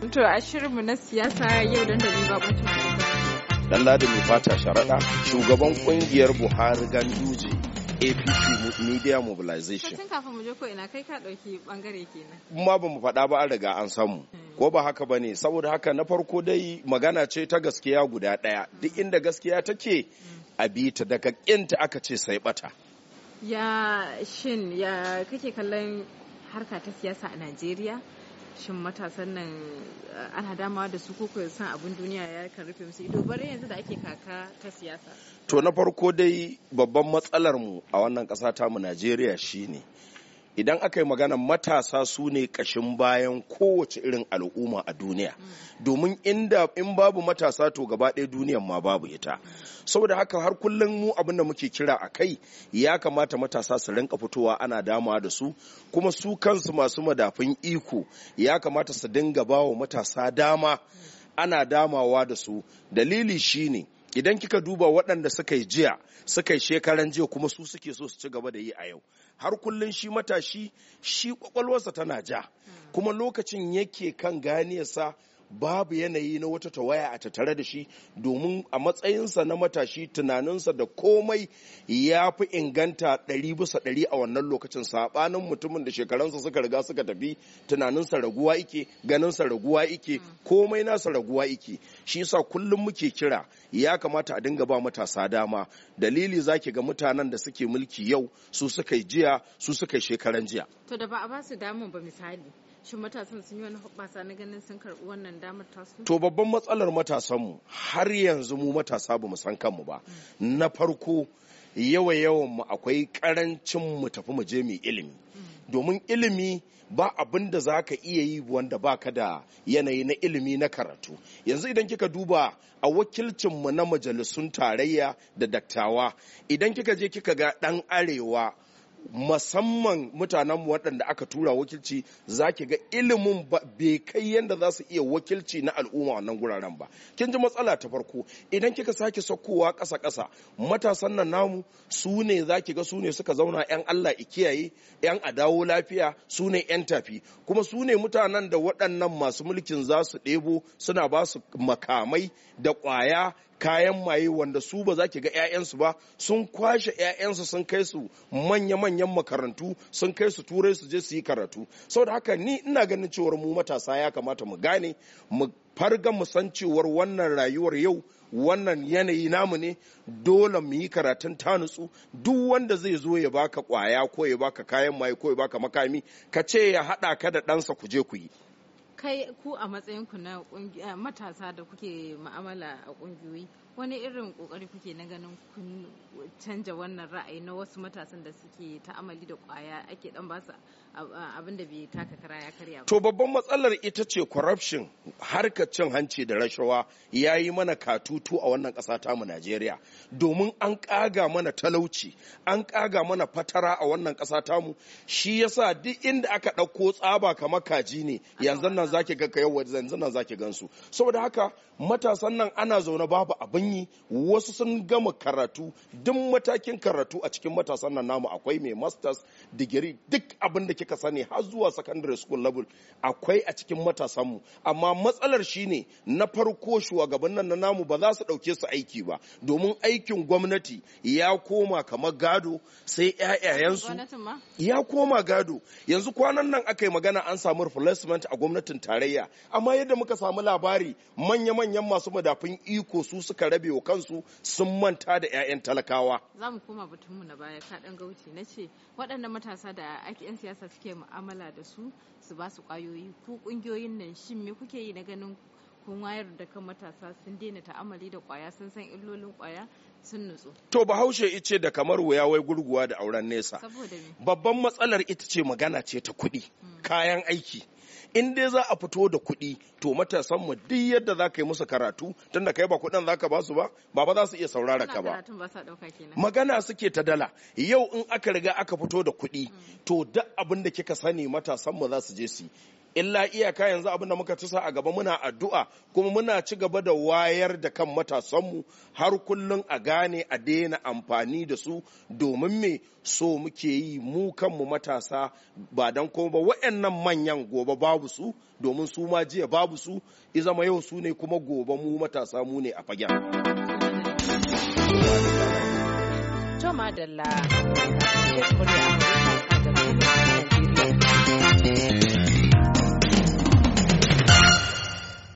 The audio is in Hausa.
To a shirinmu na siyasa yau don da Dan ladi mai fata sharaɗa shugaban kungiyar Buhari Ganduje APC Media Mobilization. Tun kafin mu je ko ina kai ka ɗauki bangare kenan. Ma ba mu faɗa ba an riga an samu. Hmm. Ko ba haka ba ne saboda haka na farko dai magana ce ta gaskiya guda ɗaya duk inda gaskiya take a bi ta daga ƙinta aka ce sai bata. Ya shin ya kake kallon harka ta siyasa a Najeriya? shin matasan nan eh, ana damawa da su koko san abin duniya ya kan rufe musu ido bare yanzu da ake kaka ta siyasa to na farko dai babban matsalar mu a wannan ƙasa ta mu Najeriya shine idan aka yi magana matasa su ne kashin bayan kowace irin al'umma a duniya domin inda in babu matasa to gaba ɗaya duniyan ma babu ita saboda haka har kullum mu abin da muke kira a kai ya kamata matasa su rinka fitowa ana dama da su kuma su kansu masu madafin iko ya kamata su dinga bawa matasa dama ana damawa da su dalili shine idan kika duba waɗanda suka yi jiya suka yi shekaran jiya kuma su suke so su ci gaba da yi a yau har kullun shi matashi shi kwakwalwarsa tana ja kuma lokacin yake kan ganiyarsa babu yanayi na wata tawaya a tattare da shi domin a matsayinsa na matashi tunaninsa da komai ya fi inganta ɗari bisa ɗari a wannan lokacin saɓanin mutumin da shekarunsa suka riga suka tafi tunaninsa raguwa ike ganinsa raguwa ike hmm. komai nasa raguwa ike shi sa kullum muke kira ya kamata a dinga ba matasa dama dalili zaki ga mutanen da suke mulki yau su suka yi jiya su suka yi shekaran jiya to da ba a ba su damun ba misali Shin matasan sun yi wani hoɓɓasa na ganin sun karɓi wannan damar tasu? To babban matsalar matasanmu har yanzu mu matasa bamu san kanmu ba. Na farko yawa yawan mu akwai karancin mu tafi mu je mu ilimi. Domin ilimi ba abin da za iya yi wanda baka da yanayi na ilimi na karatu yanzu idan kika duba a wakilcin mu na majalisun tarayya da daktawa idan kika je kika ga dan arewa musamman mutanenmu waɗanda aka tura wakilci za ki ga ilimin bai kai yadda za su iya wakilci na al'umma wannan guraren ba kin ji matsala ta farko idan kika sake sakkowa ƙasa ƙasa matasan nan namu su ne za ki ga su ne suka zauna yan Allah ikiyaye yan adawo lafiya su ne yan tafi kuma su ne mutanen da waɗannan masu mulkin za su ɗebo suna ba su makamai da ƙwaya kayan maye wanda su ba za ki ga 'ya'yansu ba sun kwashe 'ya'yansu sun kai su manya-manyan makarantu sun kai su turai su je su yi karatu saboda haka ni ina ganin cewar mu matasa ya kamata mu gane mu farga mu san cewar wannan rayuwar yau wannan yanayi namu ne dole mu yi karatun ta duk wanda zai zo ya baka kwaya ko ya baka kayan maye ko ya baka makami ka ce ya haɗa ka da ɗansa ku je ku yi kai ku a matsayin ku na eh, matasa da kuke ma'amala a ƙungiyoyi wani irin kokari kuke na ganin kun canja wannan ra'ayi na wasu matasan da suke ta'amali da kwaya ake dan ba su abin da bai taka kara ya karya ba to babban matsalar ita ce corruption harkar cin hanci da rashawa ya yi mana katutu a wannan ƙasa mu Najeriya domin an ƙaga mana talauci an kaga mana fatara a wannan ƙasa mu shi yasa duk inda aka ɗauko tsaba kamar kaji ne yanzu nan zaki ga kayan yanzu nan zaki gansu saboda haka matasan nan ana zaune babu abin yi wasu sun gama karatu duk matakin karatu a cikin matasan nan namu akwai mai masters digiri duk abin da kika sani har zuwa secondary school level akwai a cikin matasanmu amma matsalar shine na farko shugaban nan na namu ba za su ɗauke su aiki ba domin aikin gwamnati ya koma kamar gado sai ƴaƴayensu ya koma gado yanzu kwanan nan aka yi magana an samu replacement a gwamnatin tarayya amma yadda muka samu labari manya-manyan masu madafin iko su suka rabe wa kansu sun manta da ƴaƴan talakawa za mu koma batunmu na baya ka gauci na ce waɗannan matasa da ake yan siyasa suke mu'amala da su su ba su ƙwayoyi ku ƙungiyoyin nan shin me kuke yi na ganin kun wayar da kan matasa sun daina ta'amali da ƙwaya sun san illolin ƙwaya sun nutsu to bahaushe ice da kamar wuya wai gurguwa da auren nesa babban matsalar ita ce magana ce ta kuɗi hmm. kayan aiki in dai za a fito da kuɗi to matasan mu duk yadda za ka yi musu karatu tunda kai ba kuɗin za ka ba su ba ba za su iya saurara ka ba magana suke ta dala yau in aka riga aka fito da kuɗi to duk abin da kika sani matasan mu za su je su illa iyaka yanzu abinda muka tusa a gaba muna addu'a kuma muna ci gaba da wayar da kan matasanmu har kullun a gane a daina amfani da su domin me so muke yi mu kanmu matasa ba don kuma ba waɗannan manyan gobe babu su domin su ma jiya babu su izama yau su ne kuma gobe mu matasa mu ne a fagen.